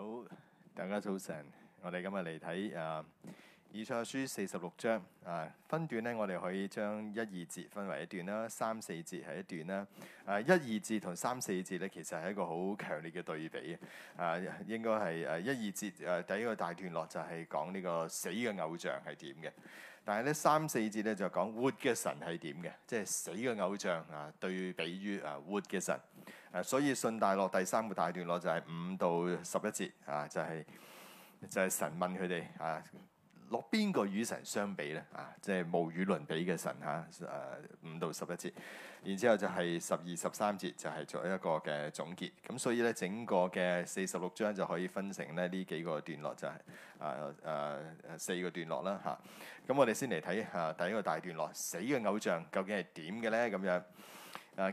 好，大家早晨。我哋今日嚟睇誒《以賽亞書》四十六章啊。分段咧，我哋可以將一二節分為一段啦，三四節係一段啦。啊，一二節同三四節咧，其實係一個好強烈嘅對比啊，應該係誒一二節誒、啊、第一個大段落就係講呢個死嘅偶像係點嘅，但係咧三四節咧就講活嘅神係點嘅，即係死嘅偶像啊對比於啊活嘅神。誒，所以信大落第三個大段落就係五到十一節啊，就係、是、就係、是、神問佢哋啊，落邊個與神相比咧啊，即係無與倫比嘅神嚇誒，五、啊、到十一節，然之後就係十二十三節就係作一個嘅總結。咁所以咧整個嘅四十六章就可以分成咧呢幾個段落就係、是、啊啊四個段落啦嚇。咁、啊、我哋先嚟睇下第一個大段落，死嘅偶像究竟係點嘅咧咁樣？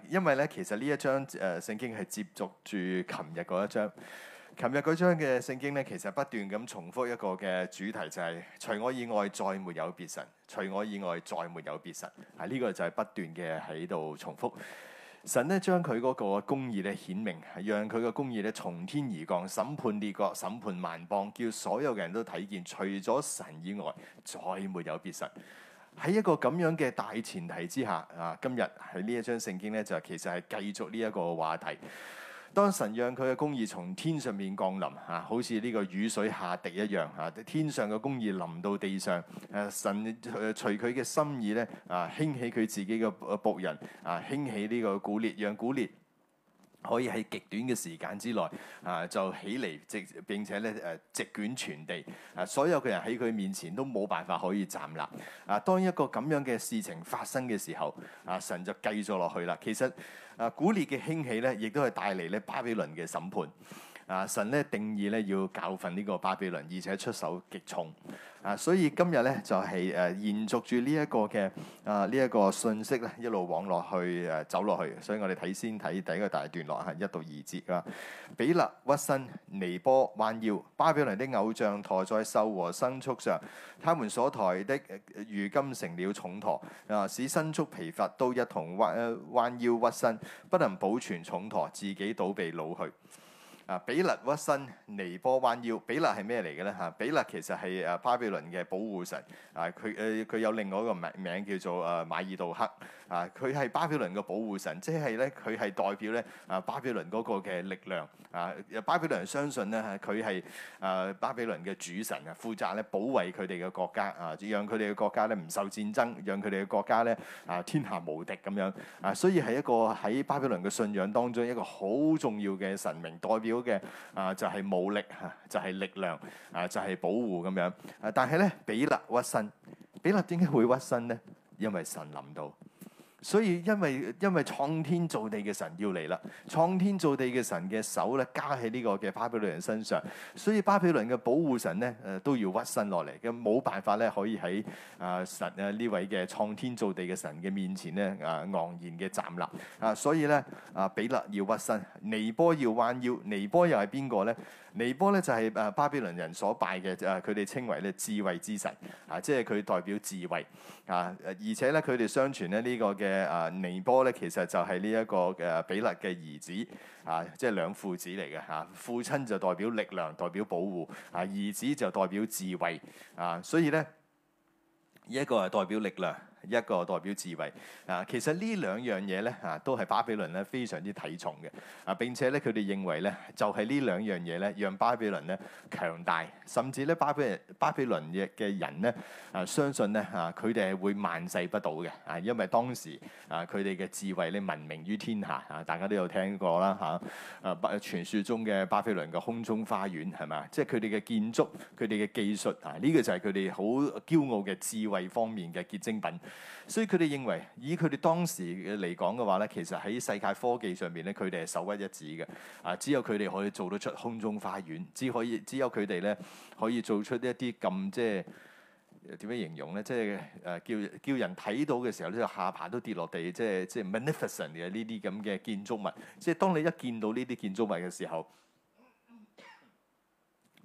因為咧，其實呢一章誒聖經係接續住琴日嗰一章。琴日嗰章嘅聖經呢，其實不斷咁重複一個嘅主題、就係，就係除我以外再沒有別神，除我以外再沒有別神。係、啊、呢、呢個就係不斷嘅喺度重複。神呢，將佢嗰個公義咧顯明，係讓佢嘅公義咧從天而降，審判列國，審判萬邦，叫所有嘅人都睇見，除咗神以外再沒有別神。喺一個咁樣嘅大前提之下，啊，今日喺呢一章聖經咧，就其實係繼續呢一個話題。當神讓佢嘅公義從天上面降臨，啊，好似呢個雨水下滴一樣，啊，天上嘅公義臨到地上。誒、啊，神隨佢嘅心意咧，啊，興起佢自己嘅僕人，啊，興起呢個古列，讓古列。可以喺極短嘅時間之內啊，就起嚟直並且咧誒，席捲全地啊，所有嘅人喺佢面前都冇辦法可以站立啊。當一個咁樣嘅事情發生嘅時候，啊，神就繼續落去啦。其實啊，古列嘅興起咧，亦都係帶嚟咧巴比倫嘅審判。啊！神咧定義咧要教訓呢個巴比倫，而且出手極重啊！所以今日咧就係、是、誒、啊、延續住呢一個嘅啊呢一、這個信息咧一路往落去誒、啊、走落去，所以我哋睇先睇第一個大段落嚇一到二節啦。比勒屈身尼波彎腰，巴比倫的偶像馱在獸和牲畜上，他們所抬的如今成了重馱啊，使牲畜疲乏，都一同彎彎腰屈身，不能保存重馱，自己倒被擄去。啊！比勒屈身，尼波彎腰。比勒係咩嚟嘅咧？嚇！比勒其實係誒巴比倫嘅保護神。啊，佢誒佢有另外一個名名叫做誒馬爾杜克。啊！佢係巴比倫嘅保護神，即係咧佢係代表咧啊巴比倫嗰個嘅力量啊！巴比倫相信咧佢係啊巴比倫嘅主神啊，負責咧保衞佢哋嘅國家啊，讓佢哋嘅國家咧唔受戰爭，讓佢哋嘅國家咧啊天下無敵咁樣啊！所以係一個喺巴比倫嘅信仰當中一個好重要嘅神明，代表嘅啊就係武力嚇，就係、是、力量啊，就係、是、保護咁樣啊！但係咧彼勒屈身，彼勒點解會屈身咧？因為神臨到。所以，因為因為創天造地嘅神要嚟啦，創天造地嘅神嘅手咧加喺呢個嘅巴比倫人身上，所以巴比倫嘅保護神咧誒都要屈身落嚟，噉冇辦法咧可以喺啊神啊呢位嘅創天造地嘅神嘅面前咧啊昂然嘅站立啊，所以咧啊比勒要屈身，尼波要彎腰，尼波又係邊個咧？尼波咧就係誒巴比倫人所拜嘅誒，佢哋稱為咧智慧之神啊，即係佢代表智慧啊，而且咧佢哋相傳咧呢個嘅誒尼波咧其實就係呢一個嘅比勒嘅兒子啊，即係兩父子嚟嘅嚇，父親就代表力量，代表保護啊，兒子就代表智慧啊，所以咧呢一個係代表力量。一個代表智慧啊，其實呢兩樣嘢咧啊，都係巴比倫咧非常之睇重嘅啊。並且咧，佢哋認為咧，就係、是、呢兩樣嘢咧，讓巴比倫咧強大，甚至咧巴比巴比倫嘅嘅人咧啊，相信咧啊，佢哋係會萬世不倒嘅啊。因為當時啊，佢哋嘅智慧咧聞名於天下啊，大家都有聽過啦嚇啊，啊。傳説中嘅巴比倫嘅空中花園係咪，即係佢哋嘅建築，佢哋嘅技術啊，呢、這個就係佢哋好驕傲嘅智慧方面嘅結晶品。所以佢哋認為，以佢哋當時嘅嚟講嘅話咧，其實喺世界科技上面咧，佢哋係首屈一指嘅。啊，只有佢哋可以做得出空中花園，只可以只有佢哋咧可以做出一啲咁即係點樣形容咧？即係誒叫叫人睇到嘅時候呢，咧，下巴都跌落地，即係即係 magnificent 嘅呢啲咁嘅建築物。即係當你一見到呢啲建築物嘅時候，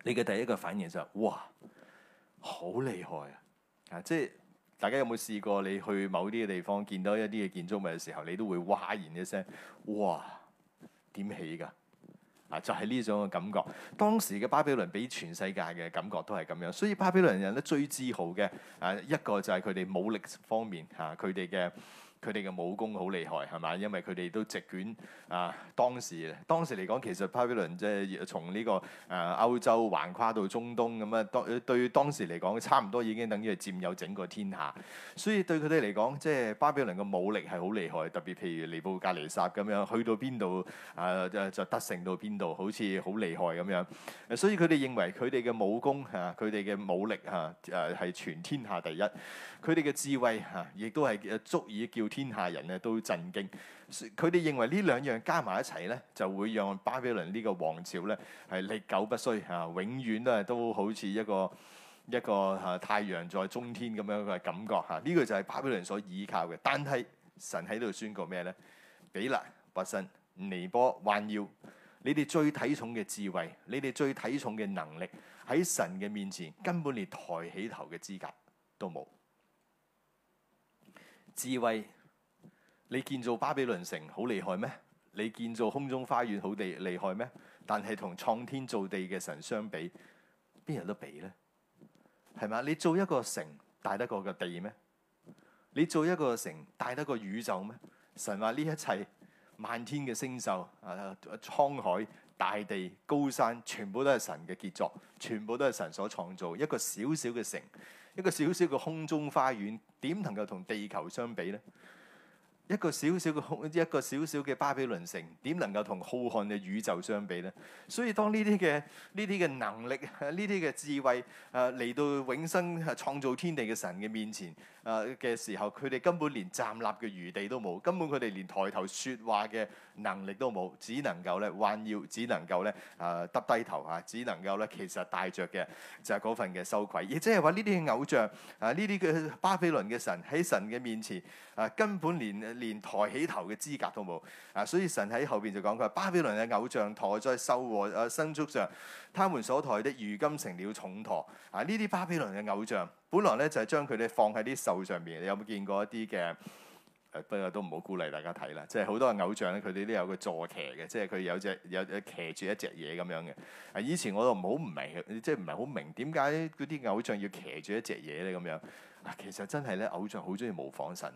你嘅第一個反應就係、是、哇，好厲害啊！啊，即係。大家有冇試過？你去某啲嘅地方見到一啲嘅建築物嘅時候，你都會嘩然一聲，哇，點起㗎？啊，就係呢種嘅感覺。當時嘅巴比倫俾全世界嘅感覺都係咁樣，所以巴比倫人咧最自豪嘅，啊一個就係佢哋武力方面嚇，佢哋嘅。佢哋嘅武功好厲害係嘛？因為佢哋都席捲啊，當時當時嚟講，其實巴比倫即係從呢、這個啊歐洲橫跨到中東，咁、嗯、啊，當對當時嚟講，差唔多已經等於係佔有整個天下。所以對佢哋嚟講，即、就、係、是、巴比倫嘅武力係好厲害，特別譬如尼布甲尼撒咁樣去到邊度啊，就得勝到邊度，好似好厲害咁樣。所以佢哋認為佢哋嘅武功嚇，佢哋嘅武力嚇誒係全天下第一。佢哋嘅智慧嚇亦、啊、都係足以叫。天下人咧都震驚，佢哋認為呢兩樣加埋一齊咧，就會讓巴比倫呢個王朝咧係歷久不衰嚇，永遠都係都好似一個一個嚇太陽在中天咁樣嘅感覺嚇。呢、這個就係巴比倫所依靠嘅。但係神喺度宣告咩咧？比勒、巴申、尼波，彎腰，你哋最睇重嘅智慧，你哋最睇重嘅能力，喺神嘅面前根本連抬起頭嘅資格都冇。智慧。你建造巴比倫城好厲害咩？你建造空中花園好地厲害咩？但係同創天造地嘅神相比，邊有得比呢？係嘛？你做一個城大得過個地咩？你做一個城大得過宇宙咩？神話呢一切漫天嘅星宿啊、滄海、大地、高山，全部都係神嘅傑作，全部都係神所創造。一個小小嘅城，一個小小嘅空中花園，點能夠同地球相比呢？一個小小嘅一個小小嘅巴比倫城，點能夠同浩瀚嘅宇宙相比呢？所以當呢啲嘅呢啲嘅能力，呢啲嘅智慧啊，嚟到永生創造天地嘅神嘅面前啊嘅時候，佢哋根本連站立嘅餘地都冇，根本佢哋連抬頭説話嘅能力都冇，只能夠咧還要只能夠咧啊耷低頭啊，只能夠咧其實帶着嘅就係嗰份嘅羞愧，亦即係話呢啲嘅偶像啊，呢啲嘅巴比倫嘅神喺神嘅面前啊根本連。連抬起頭嘅資格都冇啊！所以神喺後邊就講佢話：巴比倫嘅偶像馱在獸和誒、啊、牲畜上，他們所抬的如今成了重馱啊！呢啲巴比倫嘅偶像，本來咧就係、是、將佢哋放喺啲獸上面。你有冇見過一啲嘅？啊、不過都唔好鼓勵大家睇啦。即係好多嘅偶像咧，佢哋都有個坐騎嘅，即係佢有隻有騎住一隻嘢咁樣嘅、啊。以前我都唔好唔明，即係唔係好明點解嗰啲偶像要騎住一隻嘢咧咁樣、啊？其實真係咧，偶像好中意模仿神。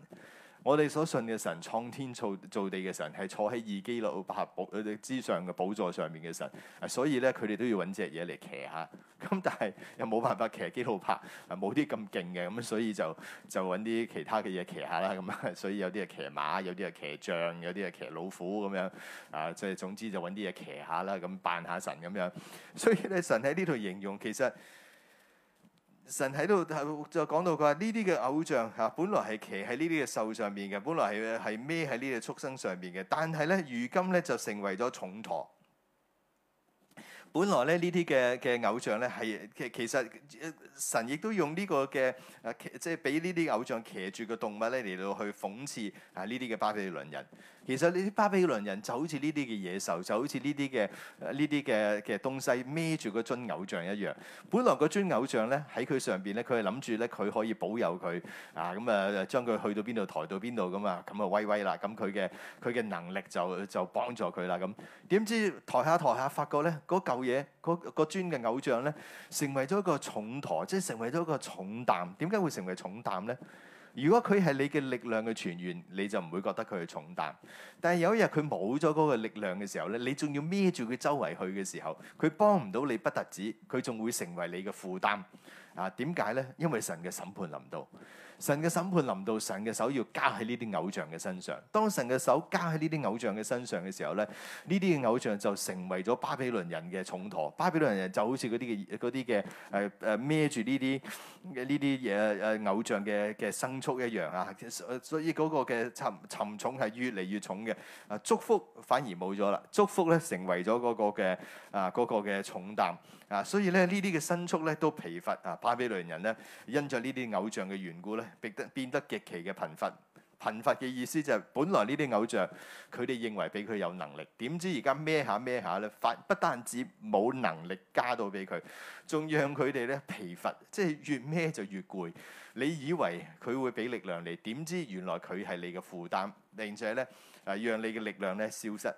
我哋所信嘅神，創天造造地嘅神，係坐喺二基路伯佢哋之上嘅寶座上面嘅神，所以咧佢哋都要揾隻嘢嚟騎下。咁但係又冇辦法騎基路伯，冇啲咁勁嘅，咁所以就就揾啲其他嘅嘢騎下啦。咁啊，所以有啲係騎馬，有啲係騎象，有啲係騎老虎咁樣。啊，即係總之就揾啲嘢騎下啦，咁扮下神咁樣。所以咧神喺呢度形容其實。神喺度就講到佢話：呢啲嘅偶像吓，本來係騎喺呢啲嘅獸上面嘅，本來係係孭喺呢個畜生上面嘅，但係咧，如今咧就成為咗重馱。本來咧呢啲嘅嘅偶像咧係其其實神亦都用呢個嘅啊，即係俾呢啲偶像騎住嘅動物咧嚟到去諷刺啊呢啲嘅巴比倫人。其實呢啲巴比倫人就好似呢啲嘅野獸，就好似呢啲嘅呢啲嘅嘅東西孭住個樽偶像一樣。本來個樽偶像咧喺佢上邊咧，佢係諗住咧佢可以保佑佢啊，咁啊將佢去到邊度抬到邊度咁啊，咁啊威威啦。咁佢嘅佢嘅能力就就幫助佢啦。咁點知抬下抬下發覺咧，嗰嚿嘢嗰個樽嘅偶像咧，成為咗一個重台，即係成為咗一個重擔。點解會成為重擔咧？如果佢係你嘅力量嘅泉源，你就唔會覺得佢係重擔。但係有一日佢冇咗嗰個力量嘅時候咧，你仲要孭住佢周圍去嘅時候，佢幫唔到你不特止，佢仲會成為你嘅負擔。啊，點解咧？因為神嘅審判臨到，神嘅審判臨到，神嘅手要加喺呢啲偶像嘅身上。當神嘅手加喺呢啲偶像嘅身上嘅時候咧，呢啲嘅偶像就成為咗巴比倫人嘅重駝。巴比倫人就好似嗰啲嘅嗰啲嘅誒誒孭住呢啲嘅呢啲嘢誒偶像嘅嘅牲畜一樣啊。所以嗰個嘅沉沉重係越嚟越重嘅。啊，祝福反而冇咗啦，祝福咧成為咗嗰個嘅啊嗰個嘅重擔。啊，所以咧呢啲嘅牲畜咧都疲乏啊！巴比倫人咧因着呢啲偶像嘅緣故咧，變得變得極其嘅貧乏。貧乏嘅意思就係本來呢啲偶像，佢哋認為俾佢有能力，點知而家孭下孭下咧，反不單止冇能力加到俾佢，仲讓佢哋咧疲乏，即係越孭就越攰。你以為佢會俾力量你，點知原來佢係你嘅負擔，並且咧啊，讓你嘅力量咧消失。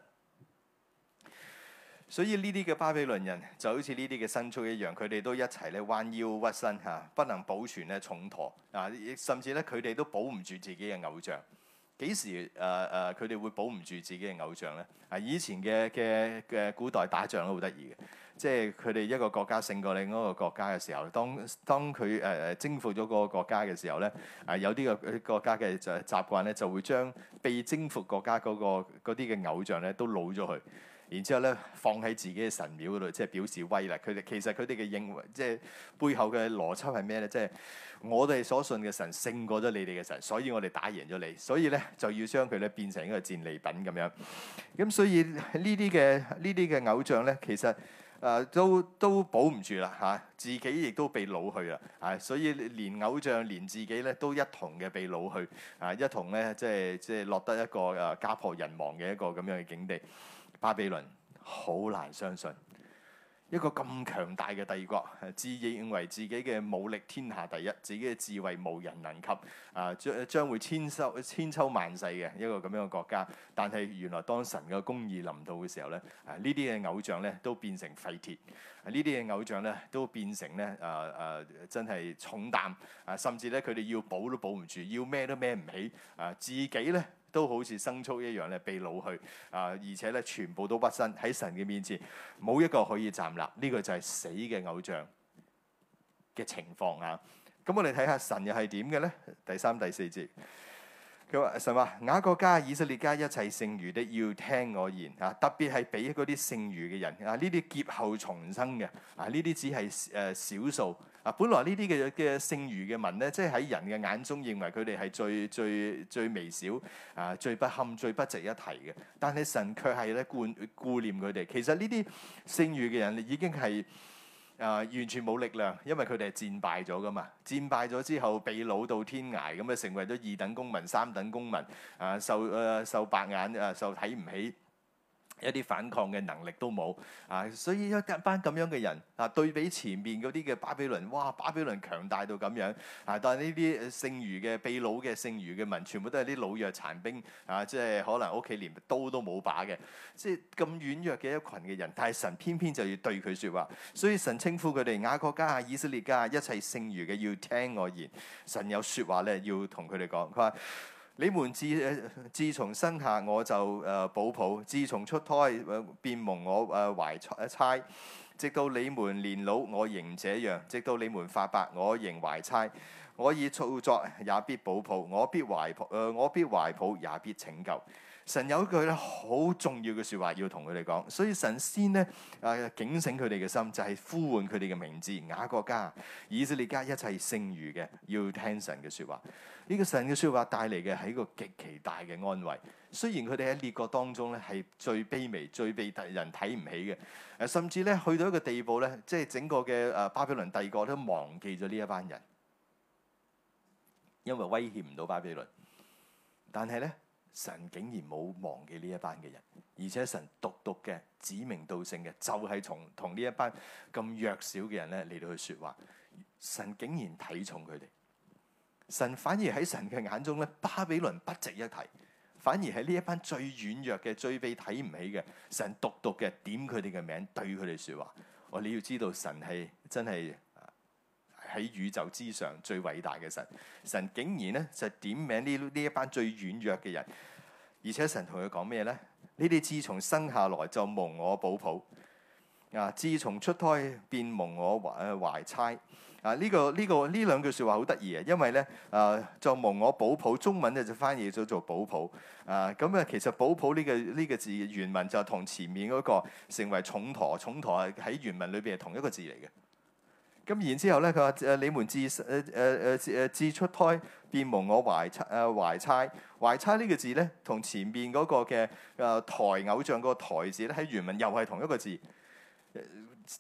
所以呢啲嘅巴比倫人就好似呢啲嘅牲畜一樣，佢哋都一齊咧彎腰屈身嚇，不能保存咧重馱啊！甚至咧佢哋都保唔住自己嘅偶像。幾時誒誒佢哋會保唔住自己嘅偶像咧？啊，以前嘅嘅嘅古代打仗都好得意嘅，即係佢哋一個國家勝過另一個國家嘅時候，當當佢誒、呃、征服咗嗰個國家嘅時候咧，啊有啲個國家嘅就習慣咧就會將被征服國家嗰、嗰個嗰啲嘅偶像咧都老咗佢。然之後咧，放喺自己嘅神廟嗰度，即係表示威力。佢哋其實佢哋嘅認為，即係背後嘅邏輯係咩咧？即係我哋所信嘅神勝過咗你哋嘅神，所以我哋打贏咗你，所以咧就要將佢咧變成一個戰利品咁樣。咁所以呢啲嘅呢啲嘅偶像咧，其實～誒都都保唔住啦嚇、啊，自己亦都被老去啦嚇、啊，所以連偶像連自己咧都一同嘅被擄去啊，一同咧即係即係落得一個誒、啊、家破人亡嘅一個咁樣嘅境地，巴比倫好難相信。一個咁強大嘅帝國，自認為自己嘅武力天下第一，自己嘅智慧無人能及，啊將將會千秋千秋萬世嘅一個咁樣嘅國家。但係原來當神嘅公義臨到嘅時候咧，呢啲嘅偶像咧都變成廢鐵，呢啲嘅偶像咧都變成咧啊啊！真係重擔啊，甚至咧佢哋要保都保唔住，要咩都孭唔起啊，自己咧。都好似牲畜一樣咧，被老去啊，而且咧全部都不新喺神嘅面前，冇一個可以站立，呢、這個就係死嘅偶像嘅情況啊！咁我哋睇下神又係點嘅呢？第三、第四節。佢話神話雅各家、以色列家一切剩餘的，要聽我言啊，特別係俾嗰啲剩餘嘅人啊，呢啲劫後重生嘅啊，呢啲只係誒少數啊。本來呢啲嘅嘅剩餘嘅民咧，即係喺人嘅眼中認為佢哋係最最最微小啊，最不堪、最不值一提嘅。但係神卻係咧顧顧念佢哋。其實呢啲剩餘嘅人已經係。啊、呃！完全冇力量，因為佢哋係戰敗咗㗎嘛，戰敗咗之後被擄到天涯，咁啊成為咗二等公民、三等公民，啊、呃、受啊、呃、受白眼啊，受睇唔起。一啲反抗嘅能力都冇啊，所以一班咁樣嘅人啊，對比前面嗰啲嘅巴比倫，哇！巴比倫強大到咁樣啊，但係呢啲剩餘嘅被擄嘅剩餘嘅民，全部都係啲老弱殘兵啊，即係可能屋企連刀都冇把嘅，即係咁軟弱嘅一群嘅人，但係神偏偏就要對佢説話，所以神稱呼佢哋雅各家啊、以色列家啊，一切剩餘嘅要聽我言，神有説話咧要同佢哋講，佢話。你們自自從生下我就誒、呃、保抱，自從出胎、呃、便蒙我誒懷、呃、搋，直到你們年老我仍這樣，直到你們發白我仍懷搋。我已造作也必保抱，我必懷抱誒，我必懷抱也必拯救。神有一句咧好重要嘅説話要同佢哋講，所以神先咧誒、啊、警醒佢哋嘅心，就係、是、呼喚佢哋嘅名字，雅各家、以色列家一切剩餘嘅，要聽神嘅説話。呢、這個神嘅説話帶嚟嘅係一個極其大嘅安慰。雖然佢哋喺列國當中咧係最卑微、最被人睇唔起嘅、啊，甚至咧去到一個地步咧，即係整個嘅誒巴比倫帝國都忘記咗呢一班人，因為威脅唔到巴比倫。但係咧。神竟然冇忘記呢一班嘅人，而且神獨獨嘅指名道姓嘅，就係、是、從同呢一班咁弱小嘅人咧嚟到去説話。神竟然睇重佢哋，神反而喺神嘅眼中咧，巴比倫不值一提，反而係呢一班最軟弱嘅、最被睇唔起嘅。神獨獨嘅點佢哋嘅名，對佢哋説話。我你要知道神，神係真係。喺宇宙之上最偉大嘅神，神竟然咧就係點名呢呢一班最軟弱嘅人，而且神同佢講咩咧？呢啲自從生下來就蒙我保抱。啊，自從出胎便蒙我懷懷搋。啊，呢個呢個呢兩句説話好得意啊，因為咧啊，就蒙我保抱，中文咧就翻譯咗做保抱。啊，咁啊，其實保抱呢個呢個字原文就同前面嗰個成為重砣重砣，喺原文裏邊係同一個字嚟嘅。咁然之後咧，佢話：誒，你們自誒誒誒自出胎，便蒙我懷誒懷搋。懷搋呢個字咧，同前邊嗰個嘅誒抬偶像個抬字咧，喺原文又係同一個字。呃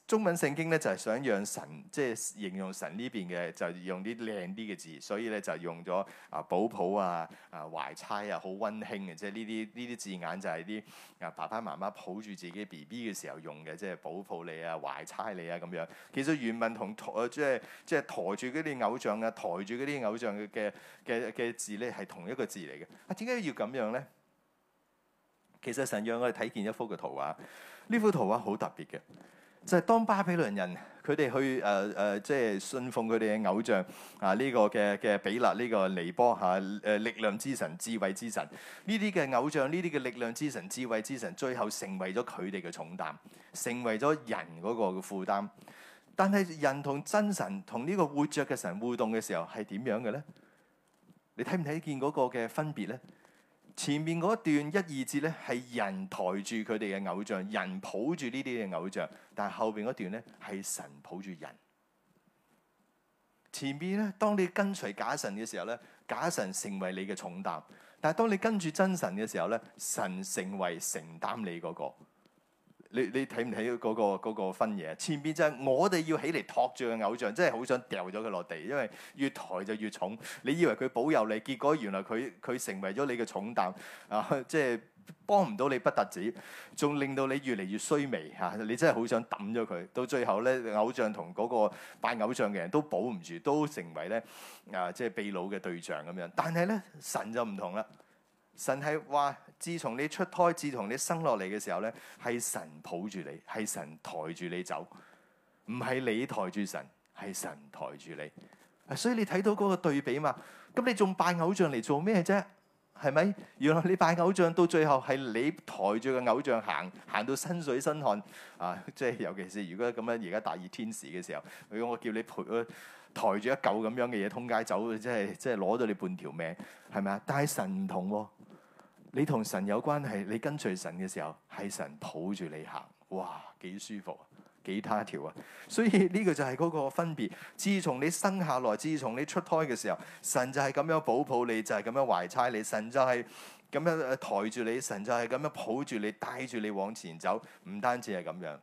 中文聖經咧就係想讓神，即係形容神呢邊嘅，就用啲靚啲嘅字，所以咧就用咗啊保抱啊啊懷搋啊，好温馨嘅，即係呢啲呢啲字眼就係啲啊爸爸媽媽抱住自己 B B 嘅時候用嘅，即係保抱你啊懷搋你啊咁樣。其實原文同抬即係即係抬住嗰啲偶像啊，抬住嗰啲偶像嘅嘅嘅字咧係同一個字嚟嘅。啊，點解要咁樣咧？其實神讓我哋睇見一幅嘅圖畫，呢幅圖畫好特別嘅。就係當巴比倫人佢哋去誒誒、呃呃，即係信奉佢哋嘅偶像啊，呢、這個嘅嘅比勒呢、這個尼波嚇誒、啊、力量之神、智慧之神呢啲嘅偶像，呢啲嘅力量之神、智慧之神，最後成為咗佢哋嘅重擔，成為咗人嗰個嘅負擔。但係人同真神同呢個活著嘅神互動嘅時候係點樣嘅咧？你睇唔睇見嗰個嘅分別咧？前面嗰段一二節咧，係人抬住佢哋嘅偶像，人抱住呢啲嘅偶像，但係後邊嗰段咧係神抱住人。前面咧，當你跟隨假神嘅時候咧，假神成為你嘅重擔；但係當你跟住真神嘅時候咧，神成為承擔你嗰個。你你睇唔睇嗰個分嘢，前邊就係我哋要起嚟托住嘅偶像，真係好想掉咗佢落地，因為越抬就越重。你以為佢保佑你，結果原來佢佢成為咗你嘅重擔啊！即係幫唔到你不特止，仲令到你越嚟越衰微嚇，啊。你真係好想抌咗佢。到最後咧，偶像同嗰個拜偶像嘅人都保唔住，都成為咧啊！即係被擄嘅對象咁樣。但係咧，神就唔同啦。神係話：自從你出胎，自從你生落嚟嘅時候咧，係神抱住你，係神抬住你走，唔係你抬住神，係神抬住你。所以你睇到嗰個對比嘛？咁你仲拜偶像嚟做咩啫？係咪？原來你拜偶像，到最後係你抬住個偶像行，行到身水身汗啊！即係尤其是如果咁樣，而家大熱天時嘅時候，如果我叫你陪佢抬住一嚿咁樣嘅嘢通街走，即係即係攞到你半條命，係咪啊？但係神唔同喎。你同神有關係，你跟隨神嘅時候，係神抱住你行，哇，幾舒服啊，幾他條啊！所以呢個就係嗰個分別。自從你生下來，自從你出胎嘅時候，神就係咁樣保抱你，就係咁樣懷搋你，神就係咁樣抬住你，神就係咁樣抱住你，帶住你往前走，唔單止係咁樣。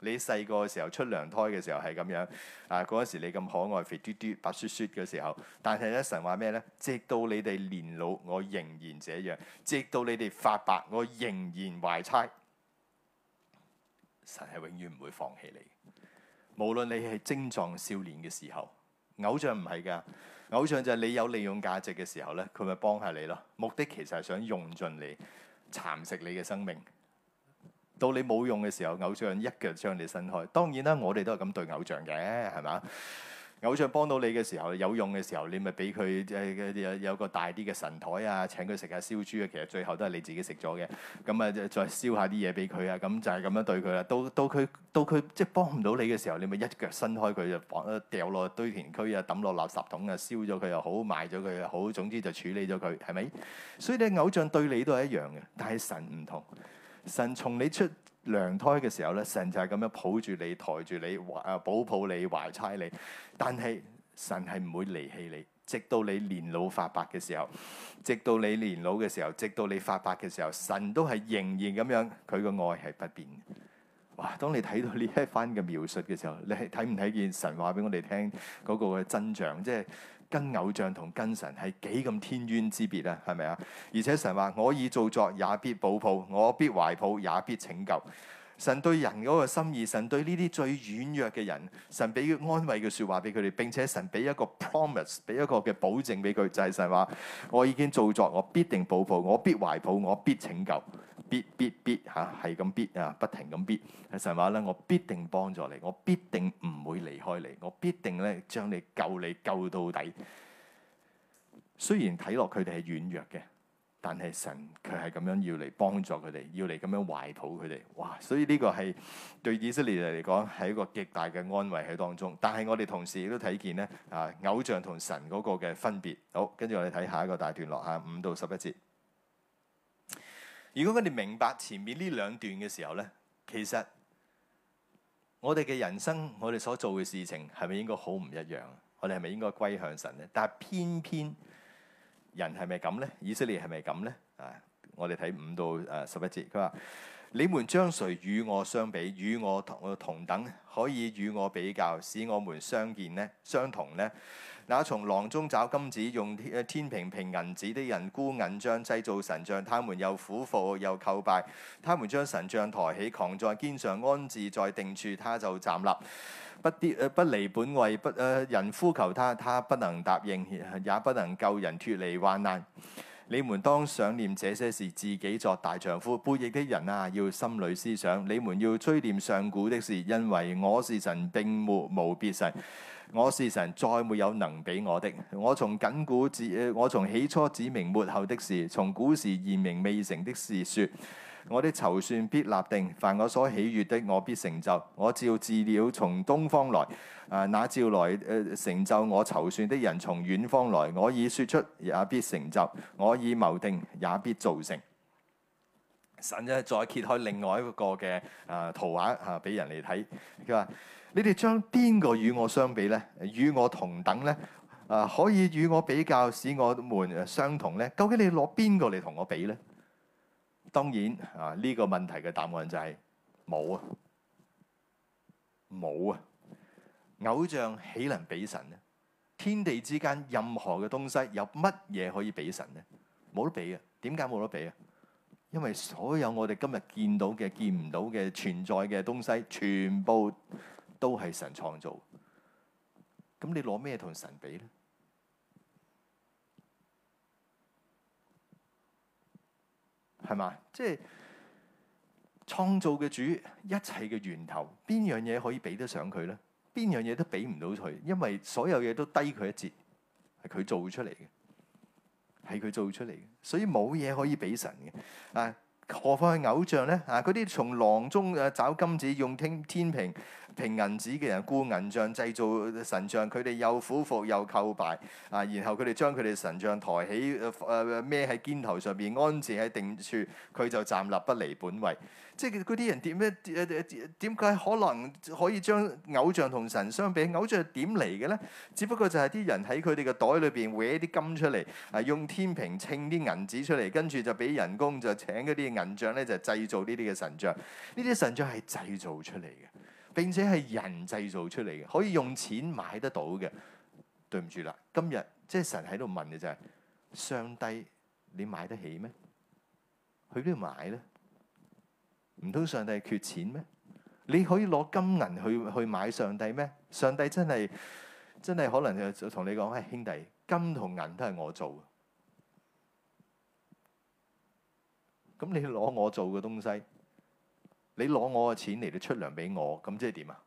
你細個嘅時候出娘胎嘅時候係咁樣啊，啊嗰陣時你咁可愛、肥嘟嘟、白雪雪嘅時候，但係咧神話咩咧？直到你哋年老，我仍然這樣；直到你哋發白，我仍然懷搋。神係永遠唔會放棄你，無論你係精壯少年嘅時候，偶像唔係㗎，偶像就係你有利用價值嘅時候咧，佢咪幫下你咯。目的其實係想用盡你，蠶食你嘅生命。到你冇用嘅時候，偶像一腳將你伸開。當然啦，我哋都係咁對偶像嘅，係嘛？偶像幫到你嘅時候，有用嘅時候，你咪俾佢即係有個大啲嘅神台啊，請佢食下燒豬啊。其實最後都係你自己食咗嘅。咁啊，再燒下啲嘢俾佢啊。咁就係咁樣對佢啦。到到佢到佢即係幫唔到你嘅時候，你咪一腳伸開佢就掉落堆填區啊，抌落垃圾桶啊，燒咗佢又好，賣咗佢又好，總之就處理咗佢係咪？所以你偶像對你都係一樣嘅，但係神唔同。神從你出娘胎嘅時候咧，神就係咁樣抱住你、抬住你、懷誒保抱你、懷搋你。但係神係唔會離棄你，直到你年老發白嘅時候，直到你年老嘅時候，直到你發白嘅時候，神都係仍然咁樣，佢個愛係不變嘅。哇！當你睇到呢一番嘅描述嘅時候，你睇唔睇見神話俾我哋聽嗰個嘅真相？即係。跟偶像同跟神係幾咁天淵之別啊，係咪啊？而且神話我已造作也必保抱，我必懷抱也必拯救。神對人嗰個心意，神對呢啲最軟弱嘅人，神俾安慰嘅説話俾佢哋，並且神俾一個 promise，俾一個嘅保證俾佢，就係、是、神話：我已經造作，我必定保抱，我必懷抱，我必拯救，必必必嚇係咁必啊，不停咁必、啊。神話咧，我必定幫助你，我必定唔會離開你，我必定咧將你救你救到底。雖然睇落佢哋係軟弱嘅。但係神佢係咁樣要嚟幫助佢哋，要嚟咁樣懷抱佢哋。哇！所以呢個係對以色列嚟講係一個極大嘅安慰喺當中。但係我哋同時亦都睇見咧，啊，偶像同神嗰個嘅分別。好，跟住我哋睇下一個大段落吓，五到十一節。如果佢哋明白前面呢兩段嘅時候咧，其實我哋嘅人生，我哋所做嘅事情，係咪應該好唔一樣？我哋係咪應該歸向神咧？但係偏偏。人係咪咁呢？以色列係咪咁呢？啊，我哋睇五到誒十一節，佢話：你們將誰與我相比？與我同同等，可以與我比較，使我們相見呢？相同呢？」那從囊中找金子，用天平平銀子的人，雇銀匠，製造神像，他們又俯伏又叩拜，他們將神像抬起扛在肩上，安置在定處，他就站立。不啲離本位不、呃、人呼求他，他不能答應，也不能救人脱離患難。你們當想念這些事，自己作大丈夫。背逆的人啊，要心裏思想，你們要追念上古的事，因為我是神，並沒無別神。我是神，再沒有能比我的。我從緊古指、呃，我從起初指明末後的事，從古時言明未成的事説。我的籌算必立定，凡我所喜悦的，我必成就。我召鸷鳥從東方來，啊、呃，那照來誒、呃、成就我籌算的人從遠方來。我已說出也必成就，我已謀定也必造成。神咧 再揭開另外一個嘅啊圖畫吓俾人嚟睇，佢話：你哋將邊個與我相比咧？與我同等咧？啊、呃，可以與我比較使我們相同咧？究竟你攞邊個嚟同我比咧？當然啊，呢個問題嘅答案就係冇啊，冇啊！偶像豈能比神呢？天地之間任何嘅東西，有乜嘢可以比神呢？冇得比啊！點解冇得比啊？因為所有我哋今日見到嘅、見唔到嘅存在嘅東西，全部都係神創造。咁你攞咩同神比呢？係嘛？即係創造嘅主，一切嘅源頭，邊樣嘢可以比得上佢咧？邊樣嘢都比唔到佢，因為所有嘢都低佢一截，係佢做出嚟嘅，係佢做出嚟嘅，所以冇嘢可以比神嘅啊！何況係偶像呢？啊，嗰啲從囊中誒找金子，用天天平平銀子嘅人，雇銀匠製造神像，佢哋又俯伏又叩拜啊！然後佢哋將佢哋神像抬起孭喺、呃、肩頭上邊，安置喺定處，佢就站立不離本位。即係嗰啲人點咧？誒點解可能可以將偶像同神相比？偶像係點嚟嘅咧？只不過就係啲人喺佢哋嘅袋裏邊搲啲金出嚟，誒、啊、用天平稱啲銀子出嚟，跟住就俾人工就請嗰啲銀匠咧，就製造呢啲嘅神像。呢啲神像係製造出嚟嘅，並且係人製造出嚟嘅，可以用錢買得到嘅。對唔住啦，今日即係神喺度問嘅就係、是：上帝，你買得起咩？去邊度買咧？唔通上帝缺錢咩？你可以攞金銀去去買上帝咩？上帝真係真係可能就同你講：哎，兄弟，金同銀都係我做嘅，咁你攞我做嘅東西，你攞我嘅錢嚟到出糧俾我，咁即係點啊？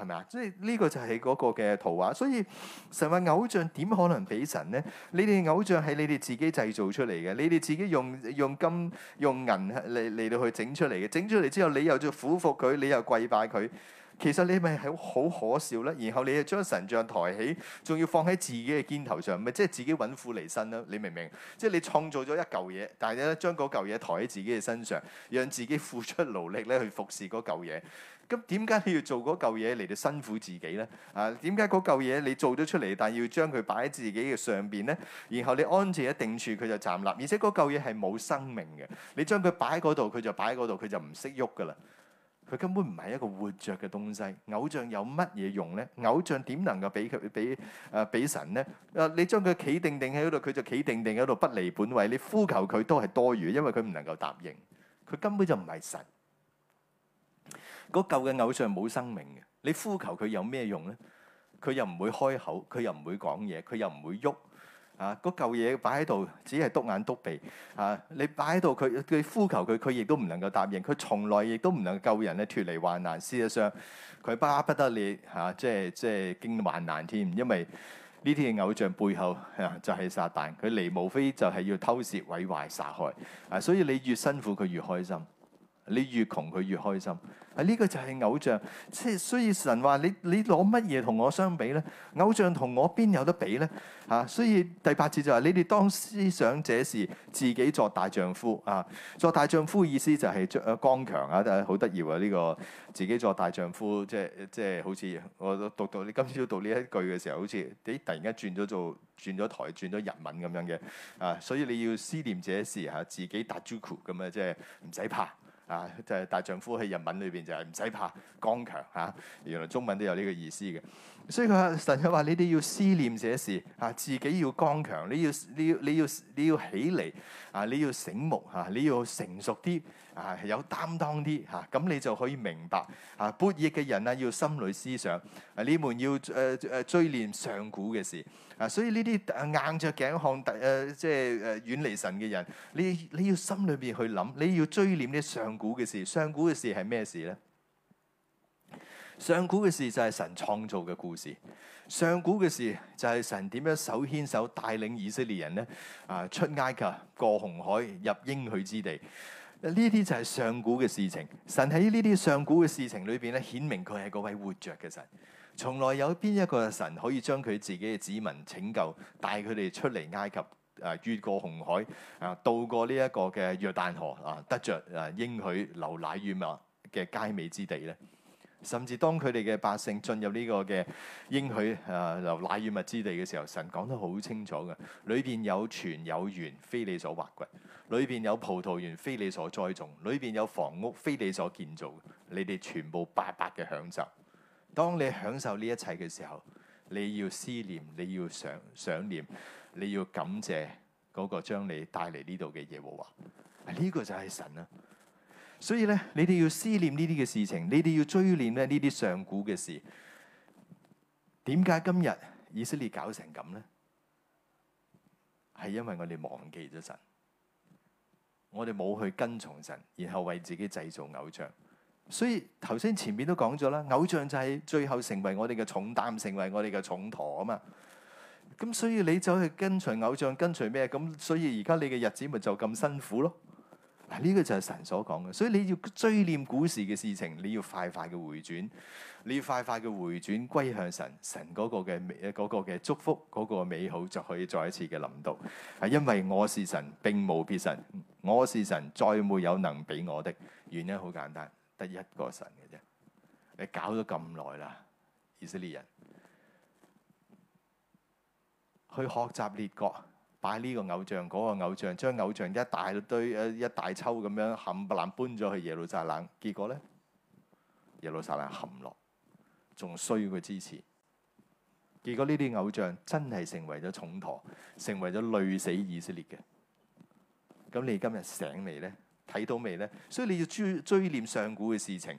係咪啊？即係呢個就係嗰個嘅圖畫。所以神話偶像點可能畀神呢？你哋偶像係你哋自己製造出嚟嘅，你哋自己用用金用銀嚟嚟到去整出嚟嘅。整出嚟之後，你又做俯伏佢，你又跪拜佢。其實你咪係好可笑咧。然後你又將神像抬起，仲要放喺自己嘅肩頭上，咪即係自己揾富離身咯？你明唔明？即係你創造咗一嚿嘢，但係咧將嗰嚿嘢抬喺自己嘅身上，讓自己付出勞力咧去服侍嗰嚿嘢。咁點解你要做嗰嚿嘢嚟到辛苦自己咧？啊，點解嗰嚿嘢你做咗出嚟，但要將佢擺喺自己嘅上邊咧？然後你安置一定處，佢就站立，而且嗰嚿嘢係冇生命嘅。你將佢擺喺嗰度，佢就擺喺嗰度，佢就唔識喐㗎喇。佢根本唔係一個活着嘅東西。偶像有乜嘢用咧？偶像點能夠俾佢俾誒俾神咧？誒，你將佢企定定喺度，佢就企定定喺度，不離本位。你呼求佢都係多餘，因為佢唔能夠答應。佢根本就唔係神。嗰舊嘅偶像冇生命嘅，你呼求佢有咩用咧？佢又唔會開口，佢又唔會講嘢，佢又唔會喐啊！嗰舊嘢擺喺度，只係篤眼篤鼻啊！你擺喺度，佢佢呼求佢，佢亦都唔能夠答應，佢從來亦都唔能夠救人咧，脱離患難。事實上，佢巴不得你嚇、啊，即係即係經患難添，因為呢啲嘅偶像背後、啊、就係、是、撒旦。佢嚟無非就係要偷竊、毀壞、殺害啊！所以你越辛苦，佢越開心。你越窮，佢越開心。係、啊、呢、這個就係偶像，即係所以神話你你攞乜嘢同我相比咧？偶像同我邊有得比咧？嚇、啊！所以第八節就係、是、你哋當思想者時，自己作大丈夫啊！作大丈夫意思就係剛強啊，好得意啊！呢、這個自己作大丈夫，即係即係好似我讀到你今朝讀呢一句嘅時候，好似突然間轉咗做轉咗台，轉咗日文咁樣嘅啊！所以你要思念者時嚇、啊、自己達朱酷咁咧，即係唔使怕。啊，就係大丈夫喺日文裏邊，就係唔使怕剛強。吓，原來中文都有呢個意思嘅。所以佢話神又話你哋要思念這事啊，自己要剛強，你要你要你要你要起嚟啊，你要醒目嚇，你要成熟啲啊，有擔當啲嚇，咁你就可以明白嚇，悖逆嘅人啊要心裏思想，你們要誒誒、呃呃、追念上古嘅事啊，所以呢啲硬着頸項第誒即係誒遠離神嘅人，你你要心裏邊去諗，你要追念啲上古嘅事，上古嘅事係咩事咧？上古嘅事就係神創造嘅故事。上古嘅事就係神點樣手牽手帶領以色列人咧啊，出埃及，過紅海，入應許之地。呢啲就係上古嘅事情。神喺呢啲上古嘅事情裏邊咧，顯明佢係嗰位活著嘅神。從來有邊一個神可以將佢自己嘅子民拯救，帶佢哋出嚟埃及啊，越過紅海啊，渡過呢一個嘅約旦河啊，得着啊應許流奶與蜜嘅佳美之地咧？甚至當佢哋嘅百姓進入呢個嘅應許啊流奶與蜜之地嘅時候，神講得好清楚嘅，裏邊有泉有園，非你所挖掘；裏邊有葡萄園，非你所栽種；裏邊有房屋，非你所建造。你哋全部白白嘅享受。當你享受呢一切嘅時候，你要思念，你要想想念，你要感謝嗰個將你帶嚟呢度嘅耶和華。呢、這個就係神啊！所以咧，你哋要思念呢啲嘅事情，你哋要追念咧呢啲上古嘅事。點解今日以色列搞成咁咧？係因為我哋忘記咗神，我哋冇去跟從神，然後為自己製造偶像。所以頭先前面都講咗啦，偶像就係最後成為我哋嘅重擔，成為我哋嘅重馱啊嘛。咁所以你走去跟隨偶像，跟隨咩？咁所以而家你嘅日子咪就咁辛苦咯。呢個就係神所講嘅，所以你要追念古時嘅事情，你要快快嘅回轉，你要快快嘅回轉歸向神，神嗰個嘅美，嗰個嘅祝福，嗰個美好就可以再一次嘅臨到。係因為我是神並無別神，我是神再沒有有能俾我的原因好簡單，得一個神嘅啫。你搞咗咁耐啦，以色列人去學習列國。擺呢個偶像，嗰個偶像，將偶像一大堆，誒，一大抽咁樣冚唪唥搬咗去耶路撒冷，結果咧，耶路撒冷陷落，仲衰佢支持。結果呢啲偶像真係成為咗重陀，成為咗累死以色列嘅。咁你今日醒嚟咧？睇到未咧？所以你要追追念上古嘅事情。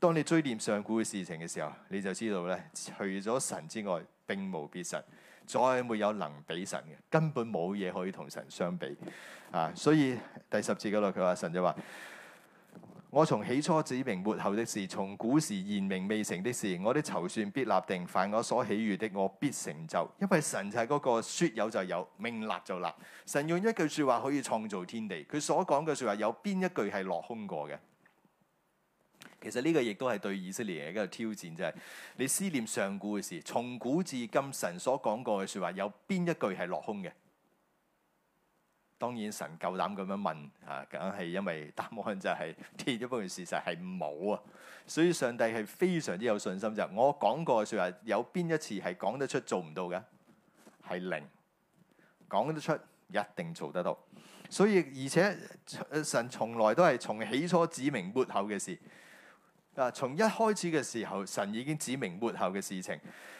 當你追念上古嘅事情嘅時候，你就知道咧，除咗神之外，並無別神。再沒有能比神嘅，根本冇嘢可以同神相比啊！所以第十節嗰度佢話神就話：「我從起初指明末後的事，從古時言明未成的事，我的籌算必立定，凡我所喜悦的，我必成就。」因為神就係嗰個説有就有，命立就立。神用一句說話可以創造天地，佢所講嘅說話有邊一句係落空過嘅？其實呢個亦都係對以色列嘅一個挑戰，就係、是、你思念上古嘅事，從古至今神所講過嘅說話有邊一句係落空嘅？當然神夠膽咁樣問啊，梗係因為答案就係、是、鐵一般嘅事實係冇啊。所以上帝係非常之有信心，就是、我講過嘅說話有邊一次係講得出做唔到嘅？係零講得出一定做得到。所以而且神從來都係從起初指明末後嘅事。啊！從一開始嘅時候，神已經指明末後嘅事情。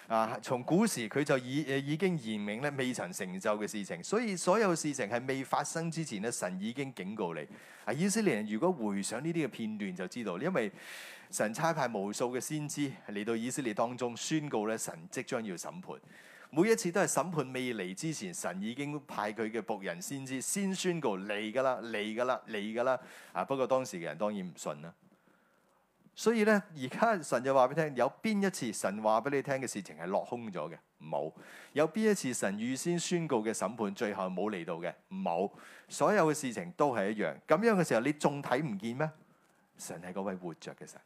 啊，從古時佢就已誒、呃、已經言明咧，未曾成就嘅事情。所以所有事情係未發生之前咧，神已經警告你。啊，以色列人如果回想呢啲嘅片段，就知道，因為神差派無數嘅先知嚟到以色列當中宣告咧，神即將要審判。每一次都係審判未嚟之前，神已經派佢嘅僕人先知先宣告嚟㗎啦，嚟㗎啦，嚟㗎啦。啊，不過當時嘅人當然唔信啦。所以咧，而家神就話俾你聽，有邊一次神話俾你聽嘅事情係落空咗嘅？冇。有邊一次神預先宣告嘅審判最後冇嚟到嘅？冇。所有嘅事情都係一樣。咁樣嘅時候你仲睇唔見咩？神係嗰位活着嘅神。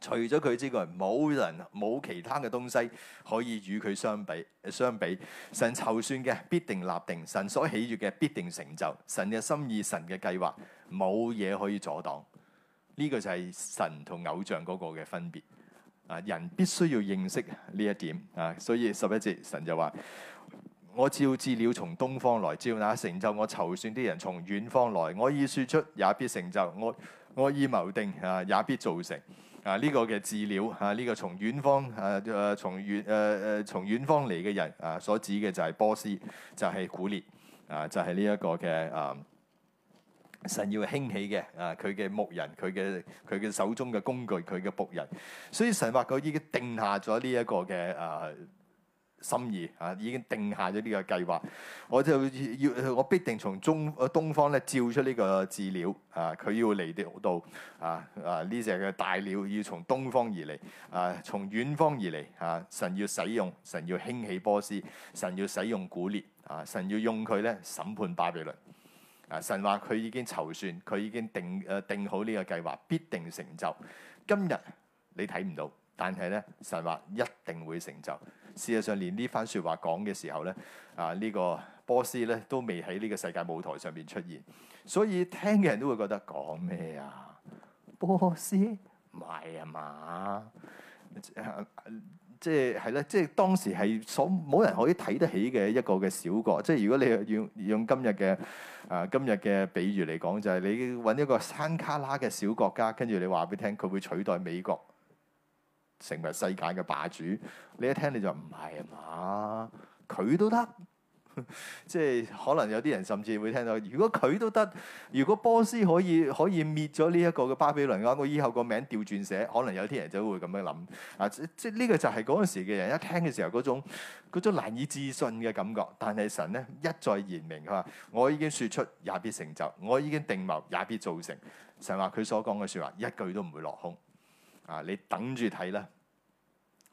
除咗佢之外，冇人冇其他嘅東西可以與佢相比。相比，神籌算嘅必定立定，神所喜悦嘅必定成就，神嘅心意、神嘅計劃，冇嘢可以阻擋。呢個就係神同偶像嗰個嘅分別啊！人必須要認識呢一點啊，所以十一節神就話：我召鷙鳥從東方來，召那成就我籌算啲人從遠方來，我已説出，也必成就，我我已謀定啊，也必做成啊！呢個嘅鷙鳥，啊，呢個從遠方誒誒從遠誒誒從遠方嚟嘅人啊，所指嘅就係波斯，就係古列啊，就係呢一個嘅啊。神要興起嘅啊，佢嘅牧人，佢嘅佢嘅手中嘅工具，佢嘅僕人，所以神話佢已經定下咗呢一個嘅啊心意啊，已經定下咗呢個計劃。我就要我必定從中東方咧召出呢個飼料啊，佢要嚟到啊啊！呢隻嘅大鳥要從東方而嚟啊，從遠方而嚟啊。神要使用，神要興起波斯，神要使用古列啊，神要用佢咧審判巴比倫。啊！神話佢已經籌算，佢已經定誒、呃、定好呢個計劃，必定成就。今日你睇唔到，但係咧神話一定會成就。事實上，連呢番説話講嘅時候咧，啊呢、呢個波斯咧都未喺呢個世界舞台上面出現，所以聽嘅人都會覺得講咩啊？波斯？唔係啊嘛？啊即係係啦，即係當時係所冇人可以睇得起嘅一個嘅小國。即係如果你用用今日嘅啊今日嘅比喻嚟講，就係、係、你揾一個山卡拉嘅小國家，跟住你話俾你聽佢會取代美國成為世界嘅霸主，你一聽你就唔係啊嘛，佢都得。 即係可能有啲人甚至會聽到，如果佢都得，如果波斯可以可以滅咗呢一個嘅巴比倫啊，我以後個名調轉，轉寫，可能有啲人就會咁樣諗。啊，即即呢、這個就係嗰陣時嘅人一聽嘅時候嗰種嗰種難以置信嘅感覺。但係神呢，一再言明，佢話我已經說出也必成就，我已經定謀也必造成。神話佢所講嘅說話一句都唔會落空。啊，你等住睇啦。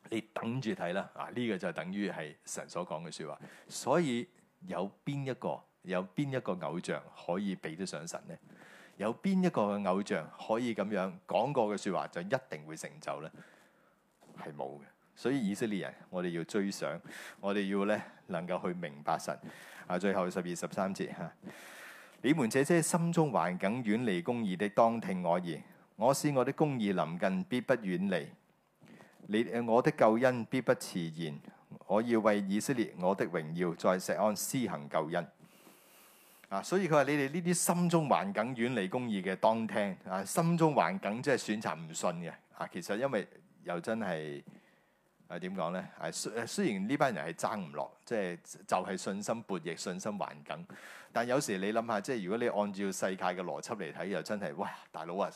你等住睇啦啊！呢、這個就等於係神所講嘅説話，所以有邊一個有邊一個偶像可以比得上神呢？有邊一個偶像可以咁樣講過嘅説話就一定會成就呢？係冇嘅。所以以色列人，我哋要追上，我哋要咧能夠去明白神啊。最後十二十三節嚇、啊，你們這些心中頑梗遠離公義的，當聽我言，我使我的公義臨近，必不遠離。你誒，我的救恩必不遲延，我要為以色列我的榮耀在錫安施行救恩啊！所以佢話：你哋呢啲心中頑梗遠離公義嘅，當聽啊！心中頑梗即係選擇唔信嘅啊！其實因為又真係誒點講咧？誒、啊啊、雖雖然呢班人係爭唔落，即係就係、是、信心薄弱、信心頑梗。但有時你諗下，即係如果你按照世界嘅邏輯嚟睇，又真係哇！大佬啊，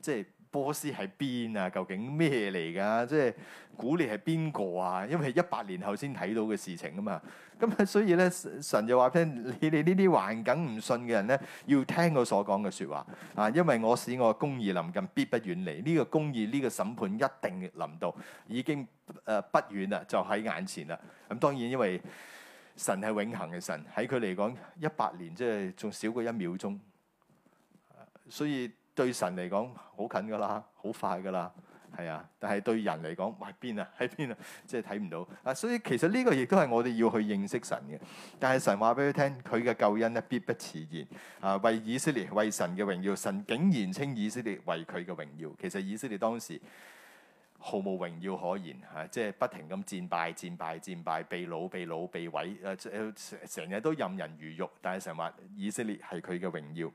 即係～波斯係邊啊？究竟咩嚟噶？即係古列係邊個啊？因為一百年後先睇到嘅事情啊嘛。咁所以咧，神就話，聽你哋呢啲頑梗唔信嘅人咧，要聽我所講嘅説話啊！因為我使我公義臨近，必不遠離。呢個公義，呢個審判一定臨到，已經誒不遠啦，就喺眼前啦。咁當然，因為神係永恆嘅神，喺佢嚟講，一百年即係仲少過一秒鐘，所以。對神嚟講好近噶啦，好快噶啦，係啊。但係對人嚟講，喺邊啊喺邊啊，即係睇唔到啊。所以其實呢個亦都係我哋要去認識神嘅。但係神話俾佢聽，佢嘅救恩呢，必不遲延啊，為以色列，為神嘅榮耀。神竟然稱以色列為佢嘅榮耀。其實以色列當時毫無榮耀可言啊，即係不停咁戰敗、戰敗、戰敗，被擄、被擄、被毀。誒成日都任人魚肉。但係神話以色列係佢嘅榮耀。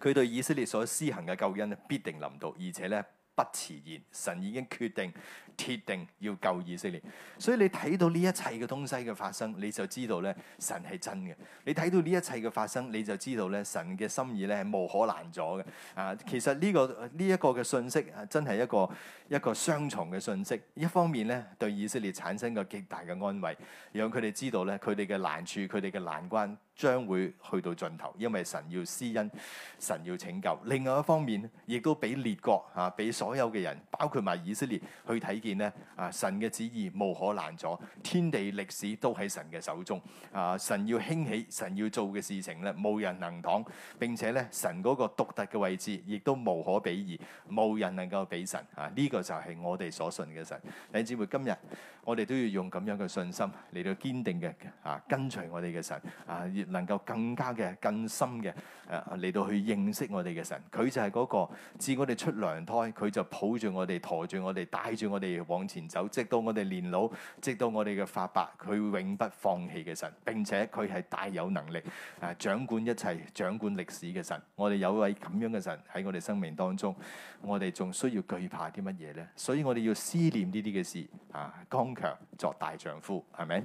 佢對以色列所施行嘅救恩呢，必定臨到，而且呢，不遲延。神已經決定。鐵定要救以色列，所以你睇到呢一切嘅東西嘅發生，你就知道咧神係真嘅。你睇到呢一切嘅發生，你就知道咧神嘅心意咧係無可難阻嘅。啊，其實呢個呢一個嘅信息啊，真係一個一個雙重嘅信息。一方面咧對以色列產生個極大嘅安慰，讓佢哋知道咧佢哋嘅難處、佢哋嘅難關將會去到盡頭，因為神要施恩，神要拯救。另外一方面，亦都俾列國啊，俾所有嘅人，包括埋以色列去睇。見咧啊！神嘅旨意無可難阻，天地歷史都喺神嘅手中啊！神要興起，神要做嘅事情咧，無人能擋，並且咧，神個獨特嘅位置，亦都無可比擬，無人能夠比神啊！呢、這個就係我哋所信嘅神，啊這個、神。弟兄姊妹，今日我哋都要用咁樣嘅信心嚟到堅定嘅啊，跟隨我哋嘅神啊，亦能夠更加嘅更深嘅啊嚟到去認識我哋嘅神。佢就係、那個自我哋出娘胎，佢就抱住我哋，馱住我哋，帶住我哋。往前走，直到我哋年老，直到我哋嘅髮白，佢永不放棄嘅神，並且佢係大有能力，誒、啊、掌管一切，掌管歷史嘅神。我哋有位咁樣嘅神喺我哋生命當中，我哋仲需要懼怕啲乜嘢呢？所以我哋要思念呢啲嘅事，啊，剛強作大丈夫，係咪？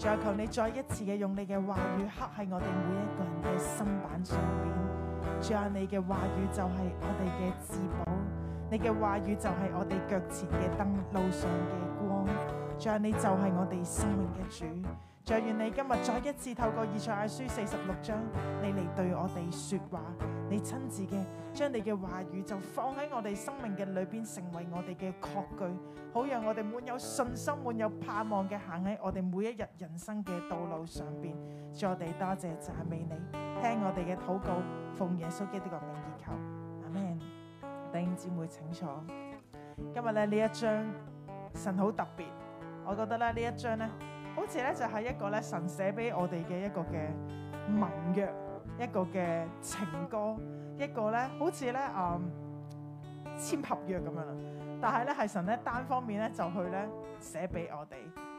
再求你再一次嘅用你嘅話語刻喺我哋每一個人嘅心板上邊。仲有你嘅話語就係我哋嘅至寶，你嘅話語就係我哋腳前嘅燈，路上嘅光。仲有你就係我哋生命嘅主。就願你今日再一次透過以賽亞書四十六章，你嚟對我哋說話，你親自嘅將你嘅話語就放喺我哋生命嘅裏邊，成為我哋嘅確據，好讓我哋滿有信心、滿有盼望嘅行喺我哋每一日人生嘅道路上邊。助我哋多謝讚美你，聽我哋嘅禱告，奉耶穌基督嘅名而求，阿門。弟兄姊妹請坐。今日咧呢一章，神好特別，我覺得咧呢一章呢。好似咧就係一個咧神寫俾我哋嘅一個嘅盟約，一個嘅情歌，一個咧好似咧啊簽合約咁樣。但係咧係神咧單方面咧就去咧寫俾我哋，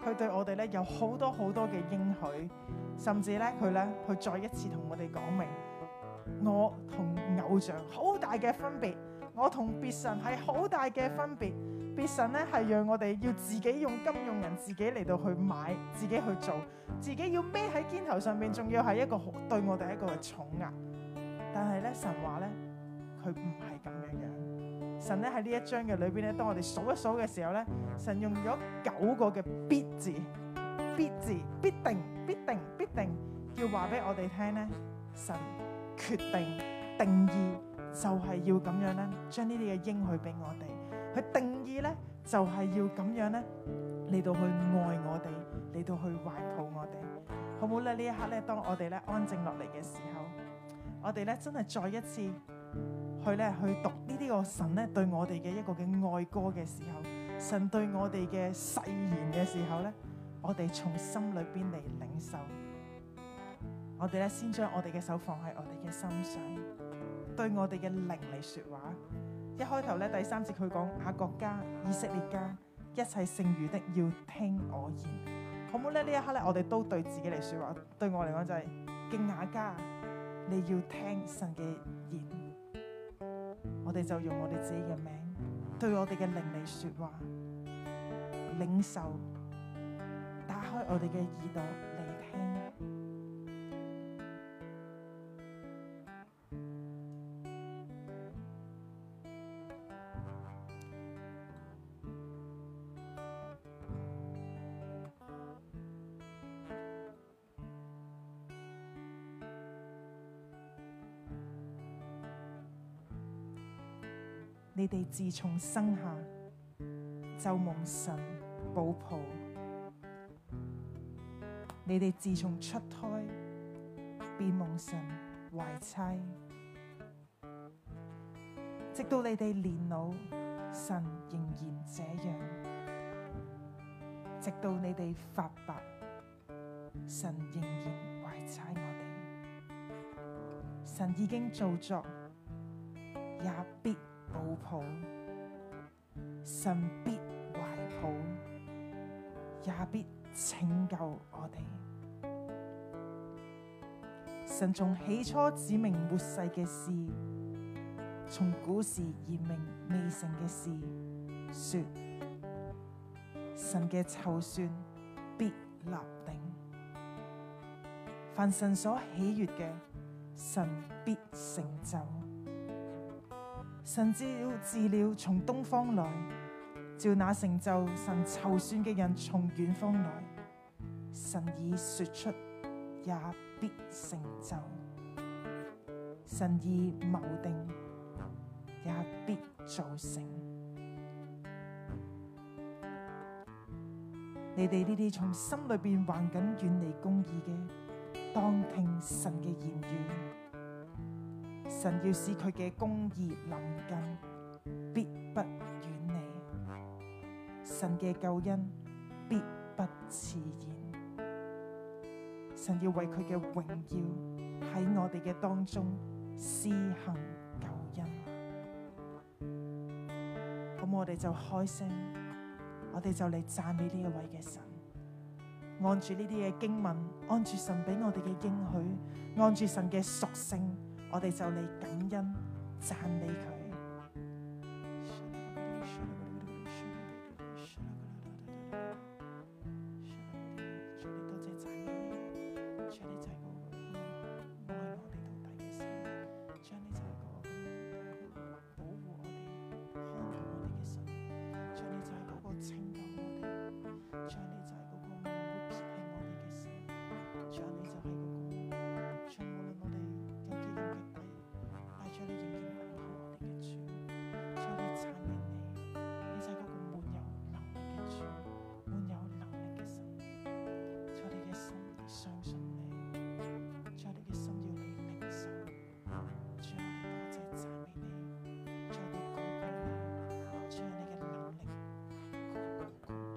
佢對我哋咧有好多好多嘅應許，甚至咧佢咧去再一次同我哋講明，我同偶像好大嘅分別。我同別神係好大嘅分別，別神咧係讓我哋要自己用金用銀，自己嚟到去買，自己去做，自己要孭喺肩頭上面，仲要係一個好對我哋一個嘅重壓。但係咧，神話咧，佢唔係咁樣樣。神咧喺呢一章嘅裏邊咧，當我哋數一數嘅時候咧，神用咗九個嘅必字，必字，必定，必定，必定，要話俾我哋聽咧，神決定定義。就係要咁樣咧，將呢啲嘅應許俾我哋。佢定義咧，就係、是、要咁樣咧，嚟到去愛我哋，嚟到去懷抱我哋，好唔好咧？呢一刻咧，當我哋咧安靜落嚟嘅時候，我哋咧真係再一次去咧去讀呢啲個神咧對我哋嘅一個嘅愛歌嘅時候，神對我哋嘅誓言嘅時候咧，我哋從心裏邊嚟領受。我哋咧先將我哋嘅手放喺我哋嘅心上。對我哋嘅靈嚟說話，一開頭咧第三節佢講，雅各家、以色列家一切剩餘的要聽我言，好唔好咧？呢一刻咧，我哋都對自己嚟說話，對我嚟講就係、是、敬亞家。你要聽神嘅言，我哋就用我哋自己嘅名對我哋嘅靈嚟說話，領受打開我哋嘅耳朵。你哋自從生下就蒙神保抱，你哋自從出胎便蒙神懷搋，直到你哋年老，神仍然這樣；直到你哋髮白，神仍然懷搋我哋。神已經造作，也必。抱抱，神必懷抱，也必拯救我哋。神從起初指明末世嘅事，從古時言明未成嘅事，說神嘅籌算必立定。凡神所喜悦嘅，神必成就。神知照治了從東方來，照那成就神籌算嘅人從遠方來。神已說出，也必成就；神已謀定，也必做成。你哋呢啲從心裏邊頑梗遠離公義嘅，當聽神嘅言語。神要使佢嘅公義臨近，必不遠離；神嘅救恩必不遲延。神要為佢嘅榮耀喺我哋嘅當中施行救恩。咁我哋就開聲，我哋就嚟讚美呢一位嘅神。按住呢啲嘅經文，按住神俾我哋嘅應許，按住神嘅屬性。我哋就嚟感恩贊美佢。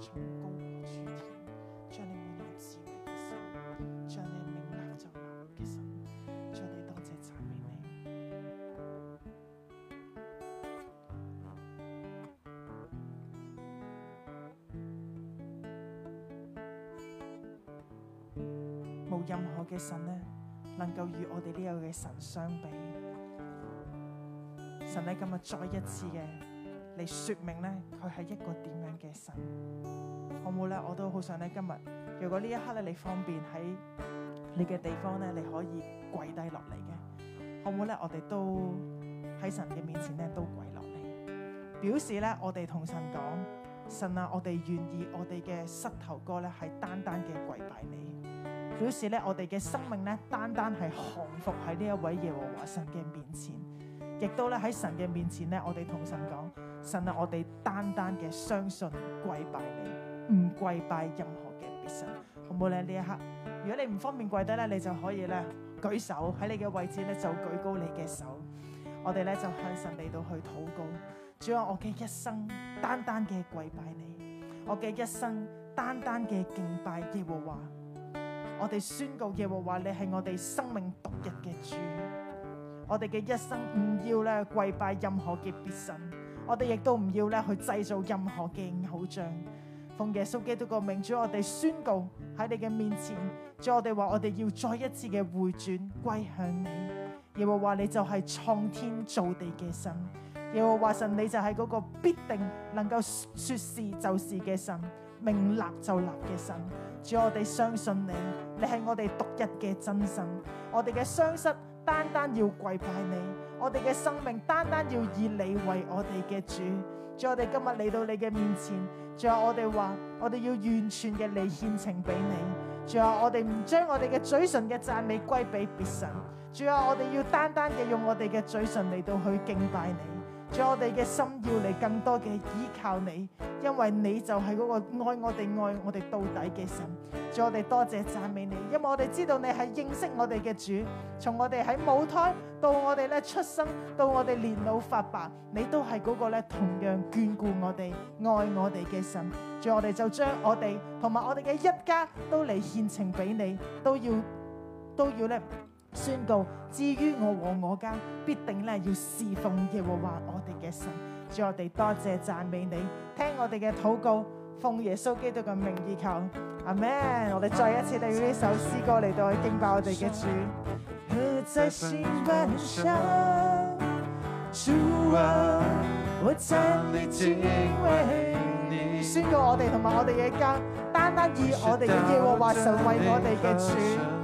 將你每樣智慧嘅神，將你明立就立嘅神，將你多謝讚美你。冇任何嘅神呢，能夠與我哋呢樣嘅神相比。神，你今日再一次嘅。嚟説明咧，佢係一個點樣嘅神，好冇咧？我都好想咧。今日如果呢一刻咧，你方便喺你嘅地方咧，你可以跪低落嚟嘅，好冇咧？我哋都喺神嘅面前咧，都跪落嚟，表示咧我哋同神講，神啊，我哋願意，我哋嘅膝頭哥咧係單單嘅跪拜你，表示咧我哋嘅生命咧單單係降服喺呢一位耶和華神嘅面前，亦都咧喺神嘅面前咧，我哋同神講，神啊！我哋單單嘅相信、跪拜你，唔跪拜任何嘅別神，好唔好咧？呢一刻，如果你唔方便跪低咧，你就可以咧舉手喺你嘅位置咧，就舉高你嘅手。我哋咧就向神嚟到去禱告，主啊！我嘅一生單單嘅跪拜你，我嘅一生單單嘅敬拜耶和華。我哋宣告耶和華，你係我哋生命獨一嘅主。我哋嘅一生唔要咧跪拜任何嘅別神。我哋亦都唔要咧去製造任何嘅偶像，奉耶穌基督嘅名，主，我哋宣告喺你嘅面前，主，我哋話我哋要再一次嘅回轉歸向你。耶和華，你就係創天造地嘅神。耶和華神，你就係嗰個必定能夠說事就事嘅神，命立就立嘅神。主，我哋相信你，你係我哋獨一嘅真神，我哋嘅雙膝單單要跪拜你。我哋嘅生命單單要以你為我哋嘅主，仲有我哋今日嚟到你嘅面前，仲有我哋話我哋要完全嘅嚟獻呈俾你，仲有我哋唔將我哋嘅嘴唇嘅讚美歸俾別神，仲有我哋要單單嘅用我哋嘅嘴唇嚟到去敬拜你。在我哋嘅心要嚟更多嘅依靠你，因為你就係嗰個愛我哋、愛我哋到底嘅神。在我哋多謝讚美你，因為我哋知道你係認識我哋嘅主。從我哋喺母胎到我哋咧出生，到我哋年老髮白，你都係嗰個咧同樣眷顧我哋、愛我哋嘅神。在我哋就將我哋同埋我哋嘅一家都嚟獻呈俾你，都要都要咧。宣告，至於我和我家，必定咧要侍奉耶和華我哋嘅神。主，我哋多謝讚美你，聽我哋嘅禱告，奉耶穌基督嘅名義求，阿們，我哋再一次利用呢首詩歌嚟到去敬拜我哋嘅主，主。宣告我哋同埋我哋嘅家，單單以我哋嘅耶和華神為我哋嘅主。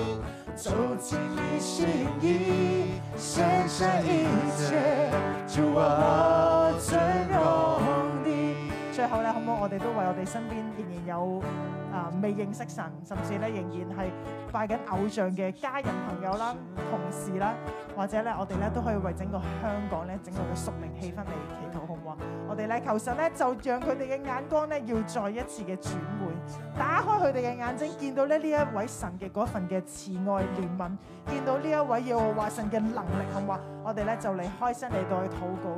走進你心意，剩下一切就我尊重你。最後咧，好唔好？我哋都為我哋身邊仍然有啊、呃、未認識神，甚至咧仍然係拜緊偶像嘅家人朋友啦、同事啦，或者咧我哋咧都可以為整個香港咧整個嘅宿命氣氛嚟祈禱，好唔好啊？我哋咧求神咧就讓佢哋嘅眼光咧要再一次嘅轉變。打開佢哋嘅眼睛，見到咧呢一位神嘅嗰份嘅慈愛憐憫，見到呢一位耶和華神嘅能力，係嘛？我哋咧就嚟開心嚟到代禱告。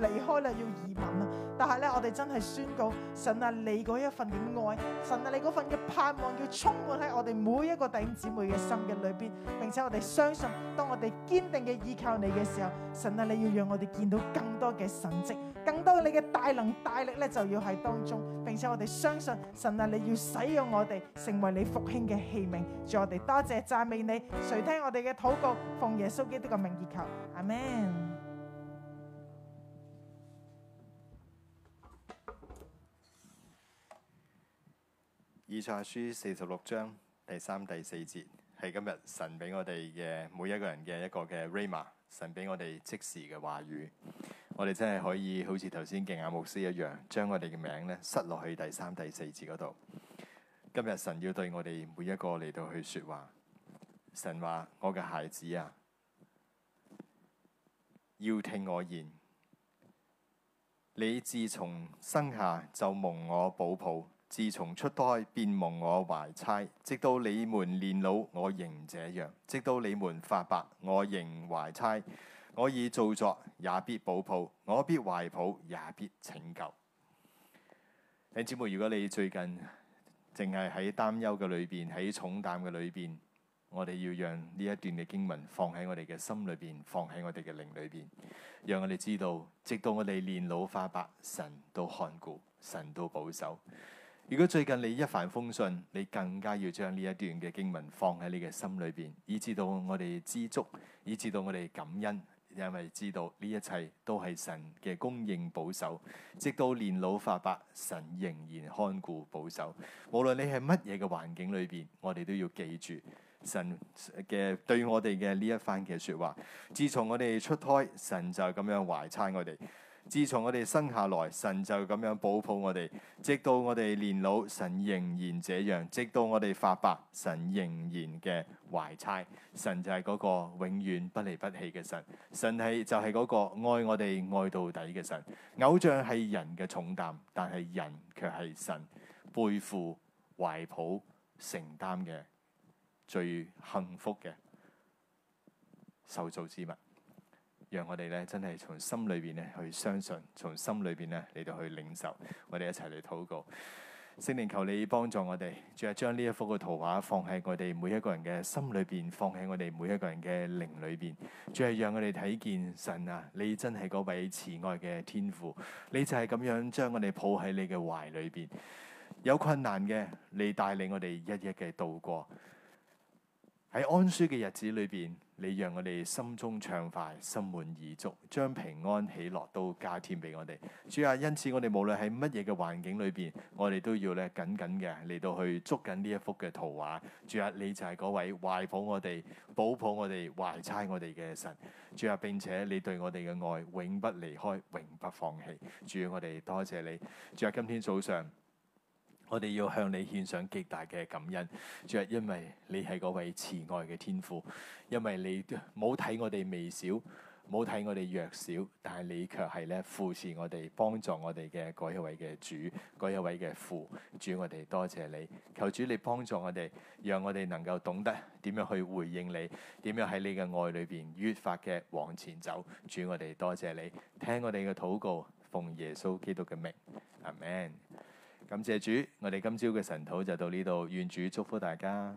離開啦，要移民啦。但係咧，我哋真係宣告神啊，你嗰一份嘅愛，神啊，你嗰份嘅盼望，要充滿喺我哋每一個弟兄姊妹嘅心嘅裏邊，並且我哋相信，當我哋堅定嘅依靠你嘅時候，神啊，你要讓我哋見到更多嘅神蹟，更多你嘅大能大力咧，就要喺當中，並且我哋相信，神啊，你要使用我哋成為你復興嘅器皿。主我哋多謝讚美你，垂聽我哋嘅禱告，奉耶穌基督嘅名祈求，阿門。以賽亞書四十六章第三、第四節係今日神俾我哋嘅每一個人嘅一個嘅瑞瑪，神俾我哋即時嘅話語，我哋真係可以好似頭先敬亞牧師一樣，將我哋嘅名咧，塞落去第三、第四節嗰度。今日神要對我哋每一個嚟到去說話，神話，我嘅孩子啊，要聽我言，你自從生下就蒙我保抱。自從出胎，便蒙我懷搋，直到你們年老，我仍這樣；直到你們發白，我仍懷搋。我已造作，也必保抱；我必懷抱，也必拯救。弟兄姊妹，如果你最近淨係喺擔憂嘅裏邊，喺重擔嘅裏邊，我哋要讓呢一段嘅經文放喺我哋嘅心裏邊，放喺我哋嘅靈裏邊，讓我哋知道，直到我哋年老發白，神都看顧，神都保守。如果最近你一帆風順，你更加要將呢一段嘅經文放喺你嘅心裏邊，以至到我哋知足，以至到我哋感恩，因為知道呢一切都係神嘅供應保守。直到年老發白，神仍然看顧保守。無論你係乜嘢嘅環境裏邊，我哋都要記住神嘅對我哋嘅呢一番嘅説話。自從我哋出胎，神就咁樣懷搋我哋。自從我哋生下來，神就咁樣保抱我哋，直到我哋年老，神仍然這樣；直到我哋髮白，神仍然嘅懷搋。神就係嗰個永遠不離不棄嘅神，神係就係嗰個愛我哋愛到底嘅神。偶像係人嘅重擔，但係人卻係神背負懷抱承擔嘅最幸福嘅受造之物。讓我哋咧真係從心裏邊咧去相信，從心裏邊咧嚟，到去領受，我哋一齊嚟禱告。聖靈，求你幫助我哋，仲係將呢一幅嘅圖畫放喺我哋每一個人嘅心裏邊，放喺我哋每一個人嘅靈裏邊，仲係讓我哋睇見神啊，你真係嗰位慈愛嘅天父，你就係咁樣將我哋抱喺你嘅懷裏邊。有困難嘅，你帶領我哋一一嘅度過。喺安舒嘅日子裏邊，你讓我哋心中暢快，心滿意足，將平安喜樂都加添俾我哋。主啊，因此我哋無論喺乜嘢嘅環境裏邊，我哋都要咧緊緊嘅嚟到去捉緊呢一幅嘅圖畫。主啊，你就係嗰位懷抱我哋、保抱我哋、懷搋我哋嘅神。主啊，並且你對我哋嘅愛永不離開，永不放棄。主啊，我哋多謝你。主啊，今天早上。我哋要向你獻上極大嘅感恩，主，因為你係嗰位慈愛嘅天父，因為你冇睇我哋微小，冇睇我哋弱小，但係你卻係咧扶持我哋、幫助我哋嘅嗰一位嘅主、嗰一位嘅父。主，我哋多謝你，求主你幫助我哋，讓我哋能夠懂得點樣去回應你，點樣喺你嘅愛裏邊越發嘅往前走。主，我哋多謝你，聽我哋嘅禱告，奉耶穌基督嘅名，阿門。感謝主，我哋今朝嘅晨禱就到呢度，願主祝福大家。